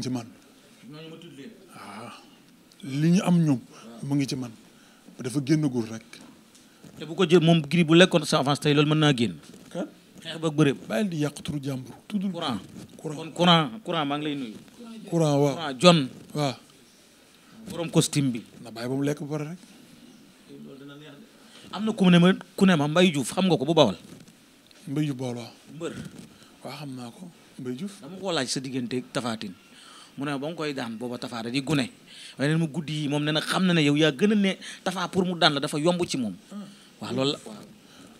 ci man ah, li ñu am ñoom mu ngi ci man dafa génn guur rek. te bu ko jël moom Gris bu lekkoon sa avance tey loolu mën naa génn. xeex ba bëre bàyyil di yàq turu jàmbur. maa ngi lay nuyu. courant waaw courant John. waaw. borom costume na bàyyi ba mu lekk ba pare rek. am na ku ne ma ku ne ma Mbaye Diouf xam nga ko bu bawal. Mbaye Diouf bawal waaw. mbër. waaw xam naa ko Mbaye Diouf. dama ko laaj sa digganteeg Tapha Tine. mu ne ba nga koy daan booba Tapha da di gune waaye neen ma guddi yi moom ne na xam na ne yow yaa gën a ne Tapha pour mu daan la dafa yomb ci moom waaw loolu la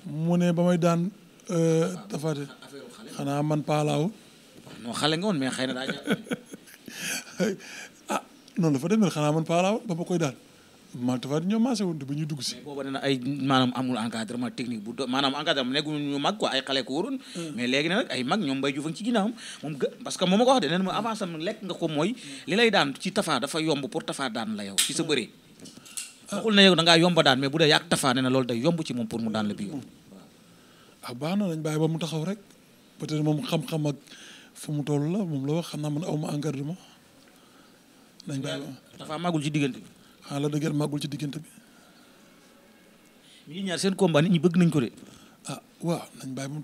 mu ne ba may daan euh, Tapha de xanaa man paalaaw non xale nga woon mais xëy na daa ah noonu dafa xanaa man paalaaw ba ma koy daan ma tafaati ñoom maase woon te ba ñuy dugg si. booba nee na ay maanaam amul encadrement technique bu do maanaam encadrement nekkul ñu mag quoi ay xale ko waroon. Mm. mais léegi nag ay mag ñoom mbay juufa ci ginnaawam moom ga parce nga ko mooy li lay daan ci tafaa dafa yomb pour tafaa daan la yow ci sa bëree. Ah. waxul ne yow da yomba daan mais bu dee yàgg tafaa nee na loolu day yomb ci moom pour mu daan la bi. ah baax na nañ bàyyi ba mu taxaw rek peut-être moom xam-xam ak fu mu toll la moom la wax xam naa man aw ma encadrement. nañ bàyyi ba tafa magul ci diggante ah la dëgër ci diggante bi. ñaar seen combat nit bëgg nañ ko de. ah waaw nañ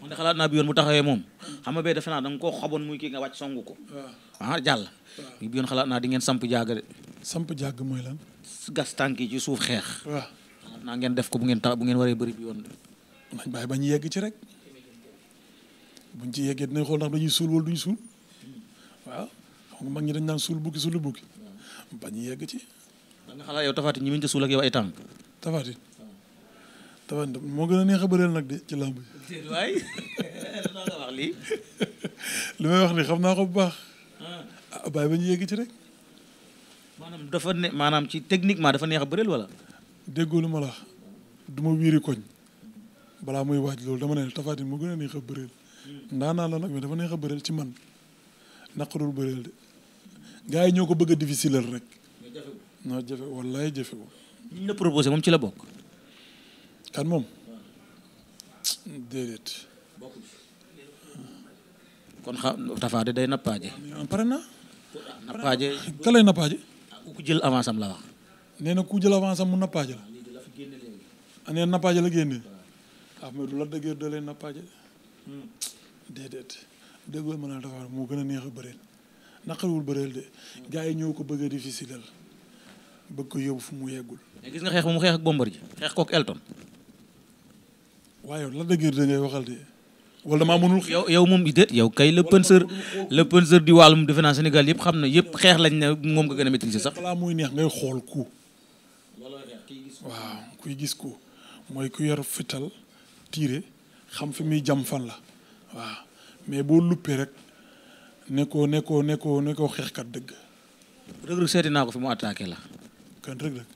mu xalaat naa bi yoon bu taxawee moom. xam nga bee naa da nga koo xaboon muy kii nga wàcc songu ko. waaw ah jàll. bi naa di ngeen samp jaaga de. jàgg mooy lan. gas tànk ci suuf xeex. waaw def ko bu ngeen tax bu ngeen waree bari bi yoon de. nañ bàyyi ba ñu yegg ci rek. buñ ci yeggee dinañ xool ndax dañuy suul wala duñ suul hmm. waaw mag ñi dañ naan suul bukki suulu bukki bañ yegg ci. a suul ak yow ay tànk. Tapha Tine Tapha moo gën a neex a bëreel nag de ci làmb yi. may wax ni xam naa bu baax. Ah. Ah, ba ñu ci rek. maanaam dafa ne maanaam ci techniquement dafa neex a bëreel wala. déggoo lu ma la du ma wiiri koñ balaa muy waaj loolu dama ne Tapha a neex a bëreel. Hmm. ndaanaa nag mais dafa neex a bëreel ci man naqarul bëreel de. gars yi ñoo ko bëgg a difficile rek. non jafe wallaay jafe wu. moom ci la bokk. kan moom. déedéet. kon xam Tapha Tine day nappaaje. Ah, pare na. nappaaje. ka lay nappaaje. Ah, ku jël avance am la wax. nee ku jël avance am mu nappaaje la. ah nee nappaaje la génne. ah mais dëggee da lay nappaaje. Hmm. déedéet déggoo ma naa la moo gën a neex a bëreel. naqariwul bëreel de gars yi ñoo ko bëgg fi difficile bëgg ko yóbbu fu mu yeggul. gis nga xeex bu mu xeex ak Bombardier xeex kook Elton. waaye yow la dëgër da ngay waxal wala damaa mënul. yow yow moom it yow kay le penseur le penseur du wàllum defe naa Sénégal yëpp xam na yëpp xeex lañ ne moom nga gën a maîtriser sax. balaa muy neex ngay xool ku. waaw kuy gis ko mooy ku yor fital tiire xam fi muy jam fan la waaw mais boo luppee rek. nekkoo nekkoo nekkoo nekkoo xeexkat dëgg. Reug Reug seeti naa ko fi mu attaqué la. kan Reug Reug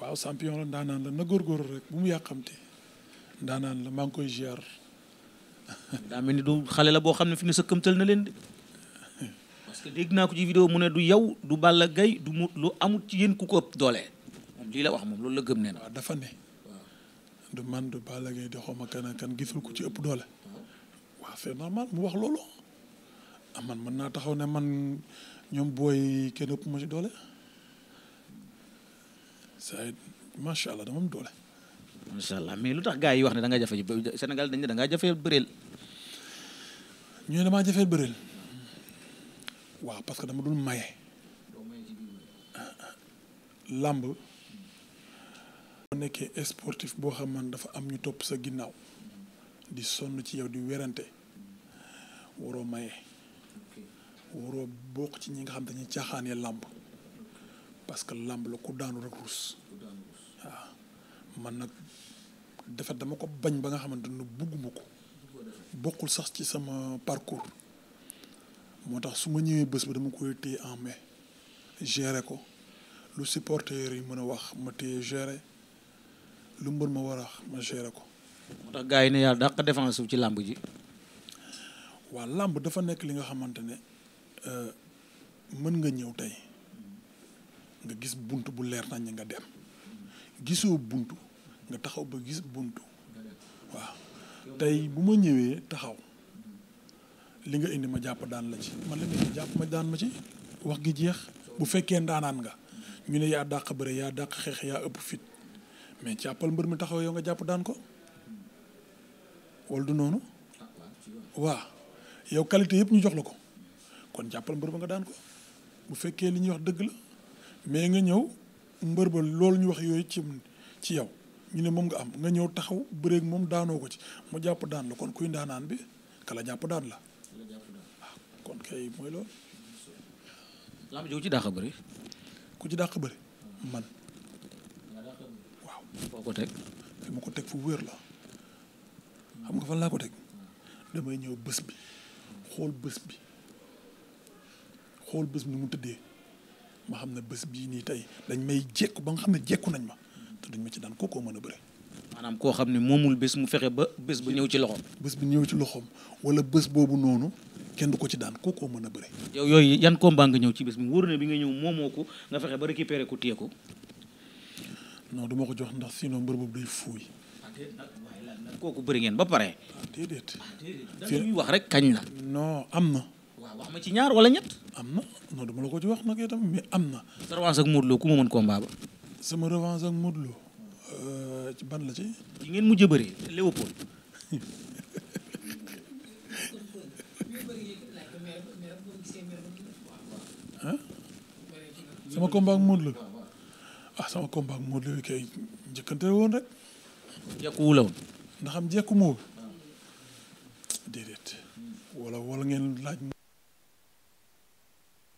waaw champion la ndaanaan la na góorgóorlu rek bu mu yàqamte ndaanaan la maa ngi koy ziar. daa mel ni du xale la boo xam ne fi ne sëkkamtal na leen de. parce que dégg naa ko ci vidéo mu ne du yow du Balla gay du mu lu amut ci yéen ku ko ëpp doole. moom lii la wax moom loolu la gëm nee na. waaw dafa ne. du man du Balla gay di xaw ma kan kan gisul ko ci ëpp doole. waaw c'est normal mu wax loolu. am ah, man mën naa taxaw ne man ñoom booy kenn ëpp ma doole saa yi macha allah dama am doole. macha mais lu tax gars yi wax ne dangay nga jafe Sénégal dañ ne da ngaa jafe bëreel. ñu ne damaa jafe bëreel. waaw parce que dama dul maye. làmb. boo nekkee sportif boo xam man dafa am ñu topp sa ginnaaw. di sonn ci yow di werante waroo maye. waroo bokk ci ñi nga xam dañuy caaxaanee làmb parce que làmb la ku daanu rek ruus waaw man nag defet dama ko bañ ba nga xamante ni bugguma ko bokkul sax ci sama parcours moo tax su ma ñëwee bés ba dama koy téye en mais gere ko lu supporter yi mën a wax ma téye gérer lu mbër ma war a ma gere ko. moo tax gars yi ne yàlla dàq défense ci làmb ji. waa làmb dafa nekk li nga xamante ne. Euh, mën nga ñëw tey nga gis bunt bu leer nañ nga dem gisoo bunt nga taxaw ba gis bunt waaw tey bu ma ñëwee taxaw li nga indi ma jàpp daan la ci man la nga jàpp ma daan ma ci wax gi jeex bu fekkee ndaanaan nga ñu ne yaa dàq bëre yaa dàq xeex yaa ëpp fit mais jàppal mbër mi taxaw yow nga jàpp daan ko wala du noonu ah, waa yow qualité yëpp ñu jox la ko kon jàppal mbër ba nga daan ko bu fekkee li ñuy wax dëgg la mais nga ñëw mbër ba loolu ñu wax yooyu ci ci yow ñu ne moom nga am nga ñëw taxaw bëreeg moom daanoo ko ci mu jàpp daan la kon kuy ndaanaan bi kala jàpp daan la waaw kon kay mooy loolu. lamb ci dàq bëri. ku ci dàq bëri man. waaw ko teg. fi ma ko teg fu wér la xam nga fan laa ko teg damay ñëw bës bi xool bés bi. xool bés nu mu tëddee ma xam ne bés bii nii tey dañ may jekku ba nga xam ne jekku nañ ma te duñ ma ci daan kookoo mën a bëre maanaam koo xam ne moomul bés mu fexe ba bés bu ñëw ci loxoom bés bu ñëw ci loxoom wala bés boobu noonu kenn du ko ci daan kookoo mën a bëre yow yooyu yan combat ñëw ci bés bi wóor na bi nga ñëw moomoo ko fexe ba récupérer ko téye ko non ko jox ndax sinon mbër boobu day fuuy ah, kooku bëri ngeen ba pare ah, ah, wax rek kañ la waaw wax ma ci ñaar wala ñett. am na non ma la ko ci wax nag itam am na. sa revanche ak Modou Lo ku ma mën combat sama revanche ak Modou euh, ban la ci. di ngeen mujj a bëri Léopold. sama combat ak sama combat ak Modou Lo ah, bi kay njëkkante woon rek. jekku la woon. ndax am déedéet wala wala ngeen laaj.